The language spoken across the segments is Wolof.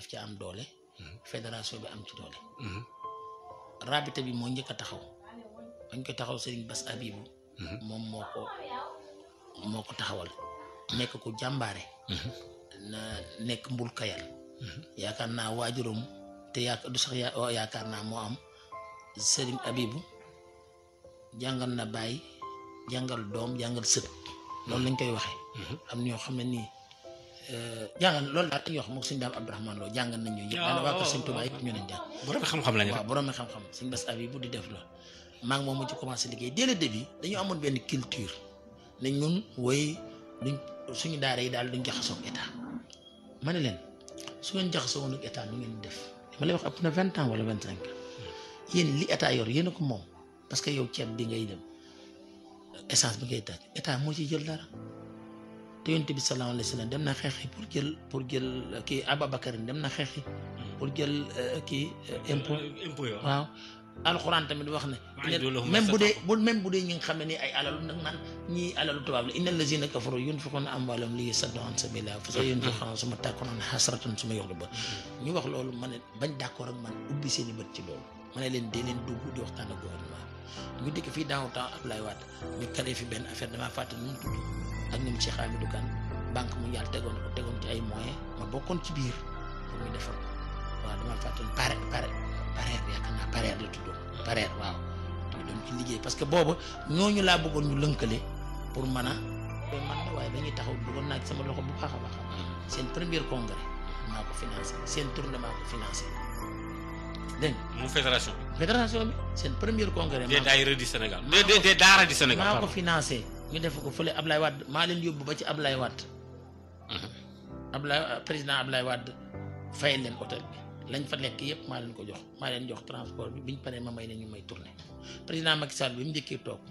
daf ci am doole mhm. fédération bi am ci doole mhm. rabita bi mo ñëk taxaw bañ ko taxaw serigne bas abibu mom mhm. moko ko ko taxawal nek ku jambaré na nek mbul kayal yaakaar naa te yak du sax oh, yaakaar naa am serigne abibu jangal na bay jangal dom jangal sët non lañ koy waxe am ñoo xamné ni Eh, jàngal loolu daal dañuy wax moom suñu daam Abdourahmane Lo jàngal nañ ñu yëpp ah, daana waa ko suñ Tuubaa yëpp ñu leen jàng borom xam-xam lañu waaw borom xam-xam suñ bés abi bu di def loolu maa ngi moom mu ci commencé liggéey dès le début dañu amoon benn culture ne ñun woy duñ suñu daara yi daal duñ jaxasoo ak état ma ne leen su ngeen jaxasoo woon ak état nu ngeen def ma lay wax ëpp na vingt ans wala vingt cinq ans yéen li état yor yéen a ko moom parce que yow ceeb bi ngay dem essence bi ngay taaj état moo ci jël dara te yonent bi sallallahu alayhi wa sallam dem na xeexi pour jël pour jël kii Ababakar dem na xeexi pour jël euh, kii euh, impôt euh, waaw alxuraan wax ne même bu dee bu même xam ne ni ay alalu nag naan ñii alalu tubaab la inna allazina kafaru yunfiquna amwaalahum li yasaddu an sabilillah fa sa suma tàkkonoon hasratan ba ñu wax loolu ma ne bañ d'accord ak man ubbi seeni bët ci loolu ma leen dee leen dugg di waxtaan ak gouvernement ñu dikk fii dans le temps Abdoulaye Wade ñu kale fi benn affaire damaa fàtte nu mu tudd ak ñoom Cheikh Hamidou Kane banque mondiale tegoon ko tegoon ci ay moyens ma bokkoon ci biir pour ñu defal ko waaw ci liggéey parce que booba ñooñu laa bëggoon ñu lënkale pour mën a waaye la ngi dañuy taxaw bëggoon naa ci sama loxo bu baax a seen premier congrès maa ko financé seen tournée maa ko financé dégg nga. mu fédération bi. fédération bi seen premier congrès. des daayira di Sénégal des des daara di Sénégal. maa ko financé ñu def ko fële Ablaye Wade maa leen yóbbu ba ci Ablaye Wade. Mhm. Ablaye euh, président Ablaye Wade fay leen hôtel bi. lañ fa lekk yëpp maa leen ko jox maa leen jox transport bi biñ paree ma may ne ñu may tourné président Macky Sall bi mu njëkkee toog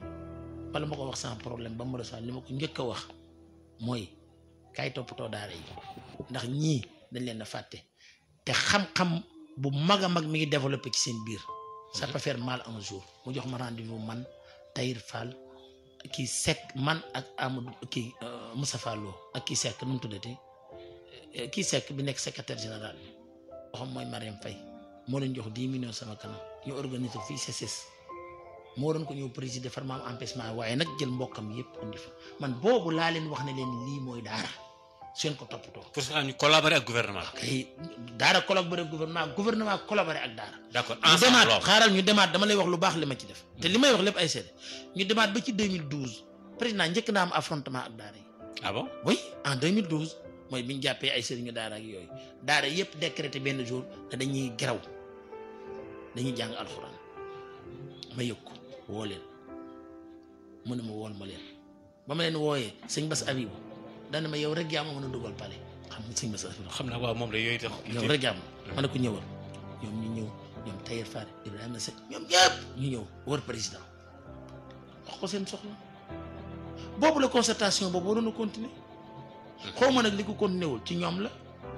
bala ma ko wax san problème ba mu reçoit li ma ko njëkk wax mooy kay toppatoo daal yi ndax ñii dañ leen a fàtte bu mag a mag mi ngi développer ci seen biir ça peut faire mal un jour mu jox ma rendez-vous man Tahir Fall kii sec man ak Amadou kii euh, Moussa Fallo ak kii sec nu mu tuddati euh, kii Seck bi nekk secrétaire général waxam mooy Mariam Faye moo leen jox 10 millions sama kanam ñu organiser fii CSS moo doon ko ñëw président defar ma am empêchement waaye nag jël mbokam yëpp indi fa man boobu laa leen wax ne leen lii mooy daara seen ko toppatoo. pour que ñu collaborer ak gouvernement. daara collaborer ak gouvernement gouvernement collaborer ak daara. d'accord ensemble ñu demaat xaaral ñu demaat dama lay wax lu baax li ma ci def. te hmm. li may wax lépp ay seede ñu demaat ba ci 2012 président njëkk naa am affrontement ak daara yi. ah bon oui en 2012 mooy bi ñu jàppee ay sëriñu daara ak yooyu daara yépp décrété benn jour te dañuy geraw dañuy jàng alxuraan ma yëg ko woo leen mu ne ma wool ma leen ba ma leen wooyee sëñ Bass Abibou. dana ma yow rek yaa ma na a dugal pale xam nga sëñ Massa xam naa waaw moom la yooyu tax yow rek yaa ma ma ne ko ñëwal ñoom ñu ñëw ñoom Tayer Fall Ibrahima Seck ñoom ñëpp ñu ñëw wër président wax ko seen soxla boobu la concertation boobu waroon a continuer hmm. xaw ma nag li ko continuer wul ci ñoom la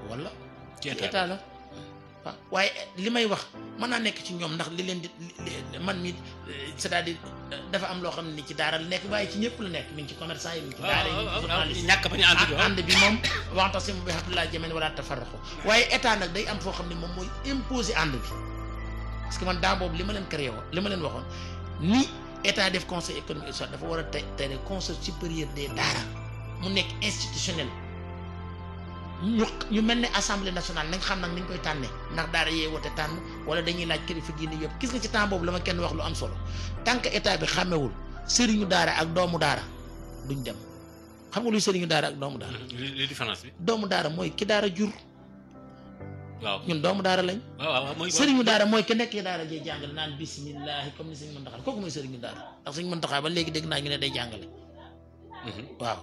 wala ci état la waaw waaye li may wax mën naa nekk ci ñoom ndax li leen di man mi cest di dafa am loo xam ne ci daara nekk waaye ci ñëpp lu nekk mi ngi ci commerçant yi mi ngi ci daara yi journaliste ñàkk bañ ànd bi ànd bi moom waxtasi mu bi waaye état nag day am foo xam ne moom mooy imposer ànd bi parce que man daa boobu li ma leen créé woon li ma leen waxoon ni état def conseil économique et dafa war a te tere conseil supérieur de daara mu nekk institutionnel ñu ñu mel ne assemblée nationale nañ xam nag ni ñu koy tànnee ndax daara yee wote tànn wala dañuy laaj kilifa diine yëpp gis nga ci temps boobu la ma kenn wax lu am solo tant que état bi xàmmewul sëriñu daara ak doomu daara duñ dem xam nga luy sëriñu daara doomu daara. Mm-hmm. li différence doomu daara mooy ki daara jur. waaw ñun doomu daara lañ. waaw mooy sëriñu daara mooy ki nekk daara jee jàngale naan bisimilah comme ni sëriñ Muntaxa kooku mooy sëriñu daara ndax sëriñ Muntaxa ba léegi dégg naa ñu ne day jàngale. Mm-hmm. waaw.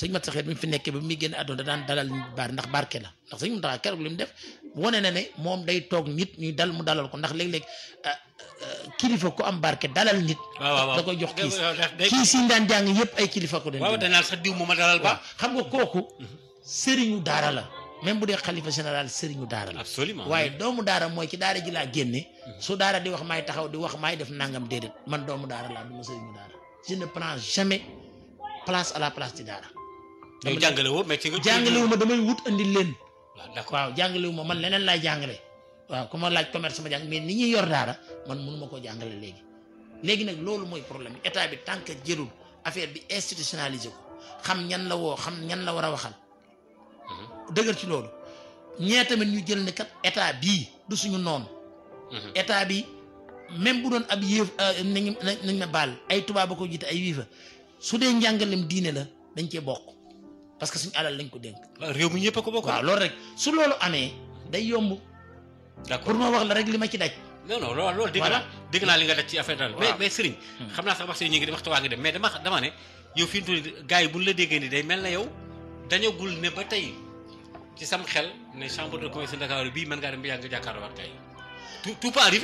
sëñ mat saxeet mi fi nekkee ba muy génn àdduna daan dalal baar ndax barke la ndax sëñ Muntaxa keroog li mu def wane na ne moom day toog nit ñuy dal mu dalal ko ndax léeg-léeg ah, ah, kilifa ku am barke dalal nit. da koy jox kiis kiis yi daan ay kilifa ko doon. waaw danaa sax mu ma dalal xam nga kooku mhm. sëriñu daara la même bu dee xalifa général sëriñu daara la. absolument waaye doomu daara mooy ci daara ji laa génne. Mhm. su daara di wax maay taxaw di wax maay def nangam déedéet man doomu daara laa du ma sëriñu daara je ne prends jamais place à la place di daara. dama jàngale woo mais ci nga jàngale wu ma damay waaw jàngale ma man leneen laay jàngale. waaw ku ma laaj commerce ma jàng mais ni ñuy yor daara man mënu ma koo jàngale léegi. léegi nag loolu mooy problème état bi tant que jëlul affaire bi institutionnalisé ko xam ñan la woo xam ñan la war a waxal. Mhm. dëgër ci loolu. ñee tamit ñu jël ne kat état bii du suñu noonu. Mhm. état bi même bu doon ab yéef nañ na baal ay tubaab a ko jiit ay wiifa su dee njàngalem diine la dañ cee bokk. parce que suñu alal lañ ko dénk. waaw ah, réew mi ñëpp a ko bokk. waaw loolu rek su loolu amee day yomb. d'accord pour ma wax la rek li ma ci daj. non non loolu loolu dégg naa dégg naa li nga daj ci affaire daal. mais mais Serigne. Hmm. xam naa sax wax si ñu ngi di waxtu waa ngi dem mais dama dama ne yow fi mu toll bu ñu la déggee day mel na yow dañagul ne ba tey ci sam xel ne chambre de commerce de bii mën ngaa dem ba yàgg nga jàkkaarloo ak gars yi tout tout pas